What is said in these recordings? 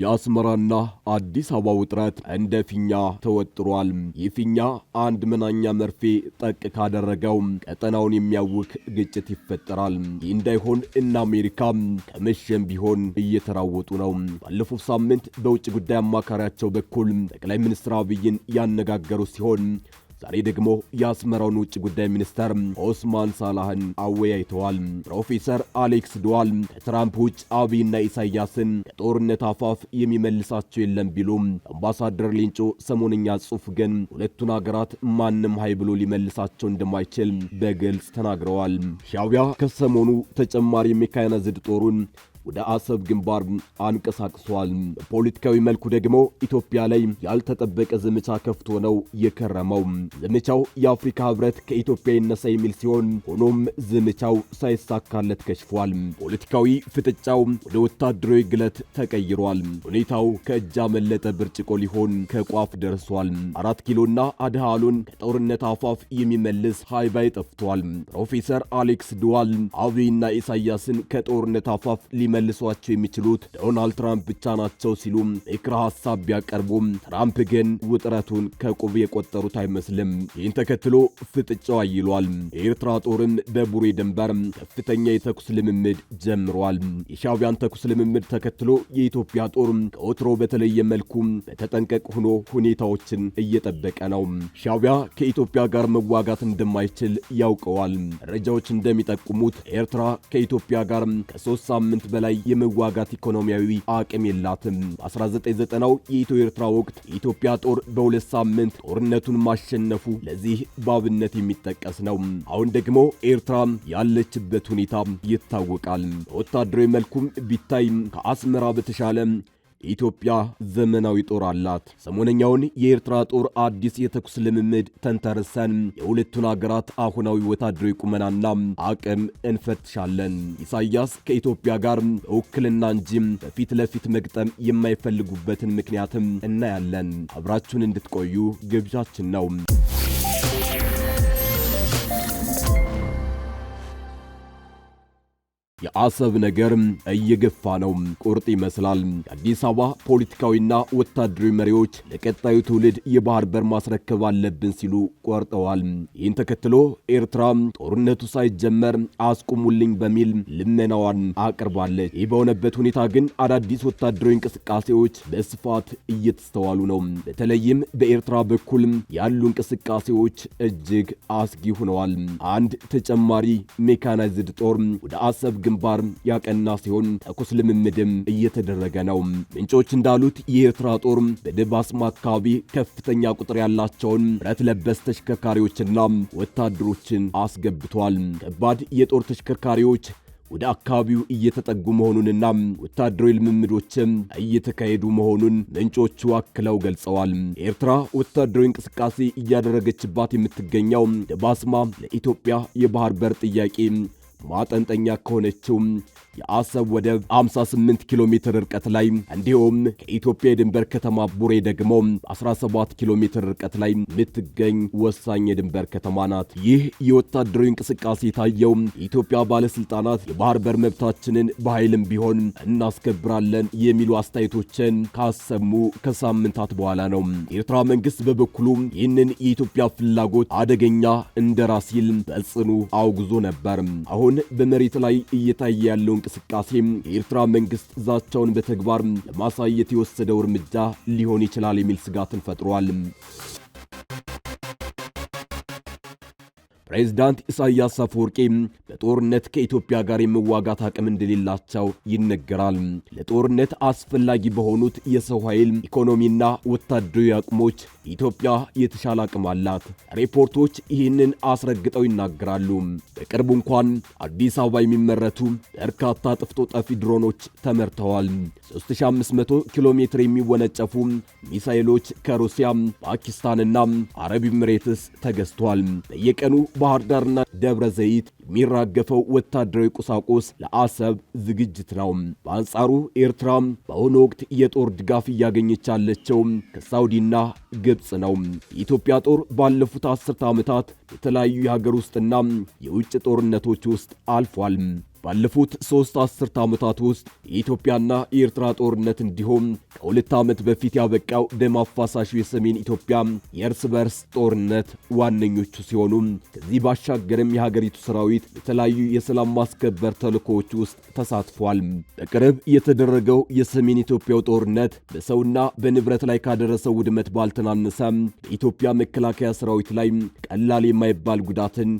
የአስመራና አዲስ አበባ ውጥረት እንደ ፊኛ ተወጥሯል። ይህ ፊኛ አንድ መናኛ መርፌ ጠቅ ካደረገው ቀጠናውን የሚያውክ ግጭት ይፈጠራል። ይህ እንዳይሆን እነ አሜሪካ ከመሸም ቢሆን እየተራወጡ ነው። ባለፈው ሳምንት በውጭ ጉዳይ አማካሪያቸው በኩል ጠቅላይ ሚኒስትር አብይን ያነጋገሩ ሲሆን ዛሬ ደግሞ የአስመራውን ውጭ ጉዳይ ሚኒስተር ኦስማን ሳላህን አወያይተዋል። ፕሮፌሰር አሌክስ ድዋል ከትራምፕ ውጭ አብይና ኢሳያስን ከጦርነት አፋፍ የሚመልሳቸው የለም ቢሉ አምባሳደር ሌንጮ ሰሞንኛ ጽሑፍ ግን ሁለቱን ሀገራት ማንም ሀይ ብሎ ሊመልሳቸው እንደማይችል በግልጽ ተናግረዋል። ሻቢያ ከሰሞኑ ተጨማሪ ሜካናይዝድ ጦሩን ወደ አሰብ ግንባር አንቀሳቅሷል። በፖለቲካዊ መልኩ ደግሞ ኢትዮጵያ ላይ ያልተጠበቀ ዘመቻ ከፍቶ ነው የከረመው። ዘመቻው የአፍሪካ ህብረት ከኢትዮጵያ ይነሳ የሚል ሲሆን ሆኖም ዘመቻው ሳይሳካለት ከሽፏል። ፖለቲካዊ ፍጥጫው ወደ ወታደራዊ ግለት ተቀይሯል። ሁኔታው ከእጅ ያመለጠ ብርጭቆ ሊሆን ከቋፍ ደርሷል። አራት ኪሎና አድሃሉን ከጦርነት አፋፍ የሚመልስ ሃይባይ ጠፍቷል። ፕሮፌሰር አሌክስ ድዋል አብይና ኢሳያስን ከጦርነት አፋፍ ሊ ሊመልሷቸው የሚችሉት ዶናልድ ትራምፕ ብቻ ናቸው ሲሉ ምክረ ሀሳብ ቢያቀርቡም ትራምፕ ግን ውጥረቱን ከቁብ የቆጠሩት አይመስልም። ይህን ተከትሎ ፍጥጫው አይሏል። የኤርትራ ጦርም በቡሬ ድንበር ከፍተኛ የተኩስ ልምምድ ጀምሯል። የሻዕቢያን ተኩስ ልምምድ ተከትሎ የኢትዮጵያ ጦር ከወትሮ በተለየ መልኩ በተጠንቀቅ ሆኖ ሁኔታዎችን እየጠበቀ ነው። ሻቢያ ከኢትዮጵያ ጋር መዋጋት እንደማይችል ያውቀዋል። መረጃዎች እንደሚጠቁሙት ኤርትራ ከኢትዮጵያ ጋር ከሶስት ሳምንት በላይ በላይ የመዋጋት ኢኮኖሚያዊ አቅም የላትም። በ1990ው የኢትዮ ኤርትራ ወቅት የኢትዮጵያ ጦር በሁለት ሳምንት ጦርነቱን ማሸነፉ ለዚህ በአብነት የሚጠቀስ ነው። አሁን ደግሞ ኤርትራ ያለችበት ሁኔታ ይታወቃል። በወታደራዊ መልኩም ቢታይ ከአስመራ በተሻለ ኢትዮጵያ ዘመናዊ ጦር አላት። ሰሞነኛውን የኤርትራ ጦር አዲስ የተኩስ ልምምድ ተንተርሰን የሁለቱን አገራት አሁናዊ ወታደራዊ ቁመናና አቅም እንፈትሻለን። ኢሳያስ ከኢትዮጵያ ጋር በውክልና እንጂም በፊት ለፊት መግጠም የማይፈልጉበትን ምክንያትም እናያለን። አብራችሁን እንድትቆዩ ግብዣችን ነው። የአሰብ ነገር እየገፋ ነው። ቁርጥ ይመስላል። የአዲስ አበባ ፖለቲካዊና ወታደራዊ መሪዎች ለቀጣዩ ትውልድ የባህር በር ማስረከብ አለብን ሲሉ ቆርጠዋል። ይህን ተከትሎ ኤርትራ ጦርነቱ ሳይጀመር አስቁሙልኝ በሚል ልመናዋን አቅርባለች። ይህ በሆነበት ሁኔታ ግን አዳዲስ ወታደራዊ እንቅስቃሴዎች በስፋት እየተስተዋሉ ነው። በተለይም በኤርትራ በኩል ያሉ እንቅስቃሴዎች እጅግ አስጊ ሆነዋል። አንድ ተጨማሪ ሜካናይዝድ ጦር ወደ አሰብ ግንባር ያቀና ሲሆን ተኩስ ልምምድም እየተደረገ ነው። ምንጮች እንዳሉት የኤርትራ ጦር በደብ አስማ አካባቢ ከፍተኛ ቁጥር ያላቸውን ብረት ለበስ ተሽከርካሪዎችና ወታደሮችን አስገብቷል። ከባድ የጦር ተሽከርካሪዎች ወደ አካባቢው እየተጠጉ መሆኑንና ወታደራዊ ልምምዶችም እየተካሄዱ መሆኑን ምንጮቹ አክለው ገልጸዋል። ኤርትራ ወታደራዊ እንቅስቃሴ እያደረገችባት የምትገኘው ደባስማ ለኢትዮጵያ የባህር በር ጥያቄ ማጠንጠኛ ከሆነችው የአሰብ ወደብ 58 ኪሎ ሜትር ርቀት ላይ እንዲሁም ከኢትዮጵያ የድንበር ከተማ ቡሬ ደግሞ 17 ኪሎ ሜትር ርቀት ላይ የምትገኝ ወሳኝ የድንበር ከተማ ናት። ይህ የወታደራዊ እንቅስቃሴ የታየው የኢትዮጵያ ባለስልጣናት የባህር በር መብታችንን በኃይልም ቢሆን እናስከብራለን የሚሉ አስተያየቶችን ካሰሙ ከሳምንታት በኋላ ነው። የኤርትራ መንግስት በበኩሉ ይህንን የኢትዮጵያ ፍላጎት አደገኛ እንደራ ሲል በጽኑ አውግዞ ነበር። አሁን በመሬት ላይ እየታየ ያለውን እንቅስቃሴ የኤርትራ መንግስት ዛቻውን በተግባር ለማሳየት የወሰደው እርምጃ ሊሆን ይችላል የሚል ስጋትን ፈጥሯል። ፕሬዝዳንት ኢሳያስ አፈወርቄ በጦርነት ከኢትዮጵያ ጋር የመዋጋት አቅም እንደሌላቸው ይነገራል። ለጦርነት አስፈላጊ በሆኑት የሰው ኃይል፣ ኢኮኖሚና ወታደራዊ አቅሞች ኢትዮጵያ የተሻለ አቅም አላት። ሪፖርቶች ይህንን አስረግጠው ይናገራሉ። በቅርቡ እንኳን አዲስ አበባ የሚመረቱ በርካታ ጥፍጦ ጠፊ ድሮኖች ተመርተዋል። 3500 ኪሎ ሜትር የሚወነጨፉ ሚሳይሎች ከሩሲያ ፓኪስታንና አረብ ኤምሬትስ ተገዝቷል። በየቀኑ ባህር ዳርና ደብረ ዘይት የሚራገፈው ወታደራዊ ቁሳቁስ ለአሰብ ዝግጅት ነው። በአንጻሩ ኤርትራም በአሁኑ ወቅት የጦር ድጋፍ እያገኘች ያለችው ከሳውዲና ግብፅ ነው። የኢትዮጵያ ጦር ባለፉት አስርተ ዓመታት የተለያዩ የሀገር ውስጥና የውጭ ጦርነቶች ውስጥ አልፏል። ባለፉት ሶስት አስርት ዓመታት ውስጥ የኢትዮጵያና የኤርትራ ጦርነት እንዲሁም ከሁለት ዓመት በፊት ያበቃው ደም አፋሳሹ የሰሜን ኢትዮጵያ የእርስ በርስ ጦርነት ዋነኞቹ ሲሆኑ ከዚህ ባሻገርም የሀገሪቱ ሰራዊት በተለያዩ የሰላም ማስከበር ተልእኮዎች ውስጥ ተሳትፏል። በቅርብ የተደረገው የሰሜን ኢትዮጵያው ጦርነት በሰውና በንብረት ላይ ካደረሰው ውድመት ባልተናነሰ በኢትዮጵያ መከላከያ ሰራዊት ላይ ቀላል የማይባል ጉዳትን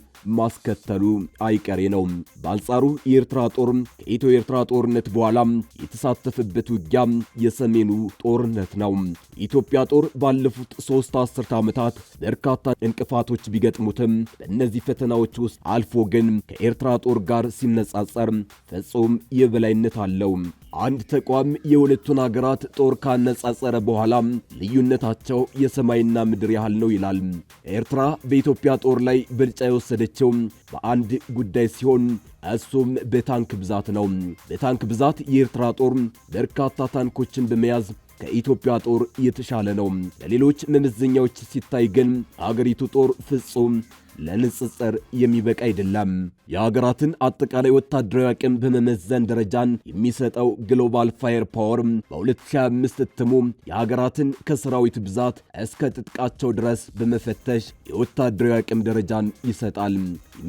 ማስከተሉ አይቀሬ ነው። በአንጻሩ የኤርትራ ጦር ከኢትዮ ኤርትራ ጦርነት በኋላ የተሳተፈበት ውጊያ የሰሜኑ ጦርነት ነው። የኢትዮጵያ ጦር ባለፉት ሶስት አስርተ ዓመታት በርካታ እንቅፋቶች ቢገጥሙትም በእነዚህ ፈተናዎች ውስጥ አልፎ ግን ከኤርትራ ጦር ጋር ሲነጻጸር ፈጽሞ የበላይነት አለው። አንድ ተቋም የሁለቱን አገራት ጦር ካነጻጸረ በኋላ ልዩነታቸው የሰማይና ምድር ያህል ነው ይላል። ኤርትራ በኢትዮጵያ ጦር ላይ ብልጫ የወሰደችው በአንድ ጉዳይ ሲሆን እሱም በታንክ ብዛት ነው። በታንክ ብዛት የኤርትራ ጦር በርካታ ታንኮችን በመያዝ ከኢትዮጵያ ጦር የተሻለ ነው። ለሌሎች መመዘኛዎች ሲታይ ግን አገሪቱ ጦር ፍጹም ለንጽጽር የሚበቃ አይደለም። የሀገራትን አጠቃላይ ወታደራዊ አቅም በመመዘን ደረጃን የሚሰጠው ግሎባል ፋየር ፓወር በ2025 እትሙ የሀገራትን ከሰራዊት ብዛት እስከ ትጥቃቸው ድረስ በመፈተሽ የወታደራዊ አቅም ደረጃን ይሰጣል።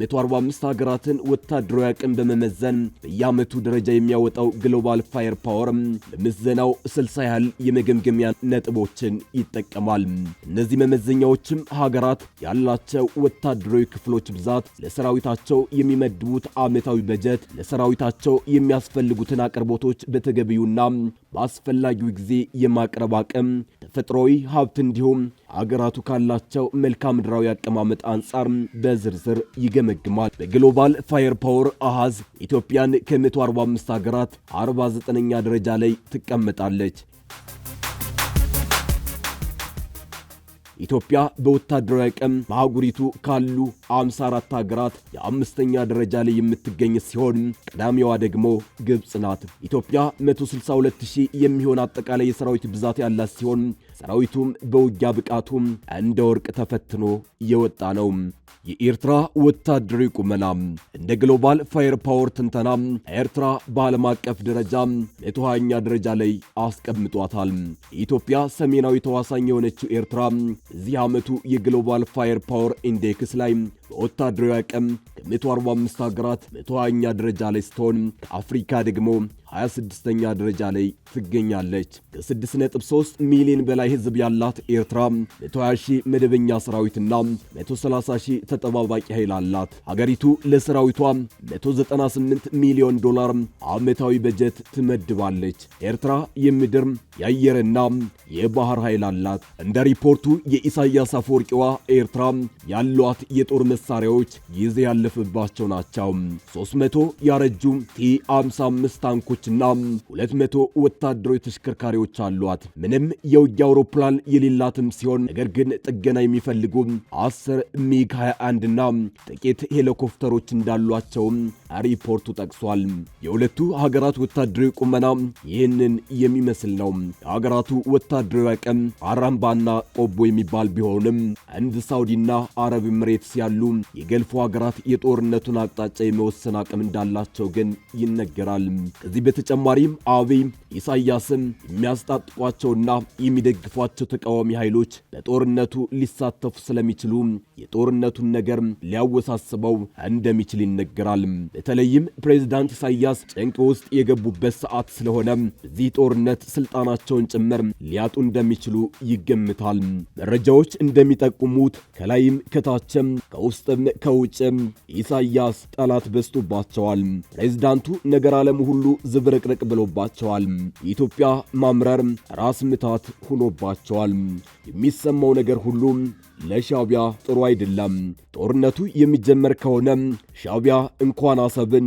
የ145 ሀገራትን ወታደራዊ አቅም በመመዘን በየዓመቱ ደረጃ የሚያወጣው ግሎባል ፋየር ፓወር ለምዘናው 60 ያህል የመገምገሚያ ነጥቦችን ይጠቀማል። እነዚህ መመዘኛዎችም ሀገራት ያላቸው ወታ ወታደራዊ ክፍሎች ብዛት፣ ለሰራዊታቸው የሚመድቡት ዓመታዊ በጀት፣ ለሰራዊታቸው የሚያስፈልጉትን አቅርቦቶች በተገቢውና በአስፈላጊው ጊዜ የማቅረብ አቅም፣ ተፈጥሯዊ ሀብት እንዲሁም አገራቱ ካላቸው መልክዓ ምድራዊ አቀማመጥ አንጻር በዝርዝር ይገመግማል። በግሎባል ፋየር ፓወር አሃዝ ኢትዮጵያን ከ145 ሀገራት 49ኛ ደረጃ ላይ ትቀመጣለች። ኢትዮጵያ በወታደራዊ አቅም በአህጉሪቱ ካሉ 54 ሀገራት የአምስተኛ ደረጃ ላይ የምትገኝ ሲሆን ቀዳሚዋ ደግሞ ግብፅ ናት። ኢትዮጵያ 162000 የሚሆን አጠቃላይ የሰራዊት ብዛት ያላት ሲሆን ሰራዊቱም በውጊያ ብቃቱም እንደ ወርቅ ተፈትኖ የወጣ ነው። የኤርትራ ወታደራዊ ቁመና እንደ ግሎባል ፋየር ፓወር ትንተና ኤርትራ በዓለም አቀፍ ደረጃ መቶ ሃያኛ ደረጃ ላይ አስቀምጧታል። የኢትዮጵያ ሰሜናዊ ተዋሳኝ የሆነችው ኤርትራ እዚህ ዓመቱ የግሎባል ፋየር ፓወር ኢንዴክስ ላይ በወታደራዊ አቅም 145 45 ሀገራት 120ኛ ደረጃ ላይ ስትሆን ከአፍሪካ ደግሞ 26ኛ ደረጃ ላይ ትገኛለች። ከ6.3 ሚሊዮን በላይ ሕዝብ ያላት ኤርትራ 120 ሺህ መደበኛ ሰራዊትና 130 ሺህ ተጠባባቂ ኃይል አላት። ሀገሪቱ ለሰራዊቷ 198 ሚሊዮን ዶላር ዓመታዊ በጀት ትመድባለች። ኤርትራ የምድር የአየርና የባህር ኃይል አላት። እንደ ሪፖርቱ የኢሳያስ አፈወርቂዋ ኤርትራ ያሏት የጦር መሳሪያዎች ጊዜ ያለፈ የተረፈባቸው ናቸው። 300 ያረጁ ቲ55 ታንኮችና 200 ወታደራዊ ተሽከርካሪዎች አሏት። ምንም የውጊያ አውሮፕላን የሌላትም ሲሆን ነገር ግን ጥገና የሚፈልጉ 10 ሚግ 21 እና ጥቂት ሄሊኮፕተሮች እንዳሏቸው ሪፖርቱ ጠቅሷል። የሁለቱ ሀገራት ወታደራዊ ቁመና ይህንን የሚመስል ነው። የሀገራቱ ወታደራዊ አቅም አራምባና ቆቦ የሚባል ቢሆንም እንደ ሳውዲና አረብ ኤምሬትስ ያሉ የገልፉ ሀገራት የጦርነቱን አቅጣጫ የመወሰን አቅም እንዳላቸው ግን ይነገራል። ከዚህ በተጨማሪም አብይ ኢሳያስም የሚያስጣጥቋቸውና የሚደግፏቸው ተቃዋሚ ኃይሎች በጦርነቱ ሊሳተፉ ስለሚችሉ የጦርነቱን ነገር ሊያወሳስበው እንደሚችል ይነገራል። በተለይም ፕሬዝዳንት ኢሳያስ ጭንቅ ውስጥ የገቡበት ሰዓት ስለሆነ በዚህ ጦርነት ስልጣናቸውን ጭምር ሊያጡ እንደሚችሉ ይገምታል። መረጃዎች እንደሚጠቁሙት ከላይም ከታችም ከውስጥም ከውጭም ኢሳያስ ጠላት በዝቶባቸዋል። ፕሬዝዳንቱ ነገር ዓለም ሁሉ ዝብርቅርቅ ብሎባቸዋል። የኢትዮጵያ ማምረር ራስ ምታት ሆኖባቸዋል። የሚሰማው ነገር ሁሉ ለሻቢያ ጥሩ አይደለም። ጦርነቱ የሚጀመር ከሆነ ሻቢያ እንኳን አሰብን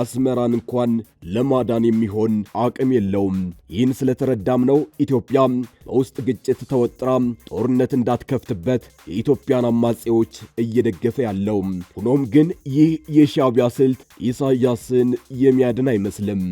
አስመራን እንኳን ለማዳን የሚሆን አቅም የለውም። ይህን ስለተረዳም ነው ኢትዮጵያ በውስጥ ግጭት ተወጥራ ጦርነት እንዳትከፍትበት የኢትዮጵያን አማጼዎች እየደገፈ ያለው። ሆኖም ግን ይህ የሻቢያ ስልት ኢሳያስን የሚያድን አይመስልም።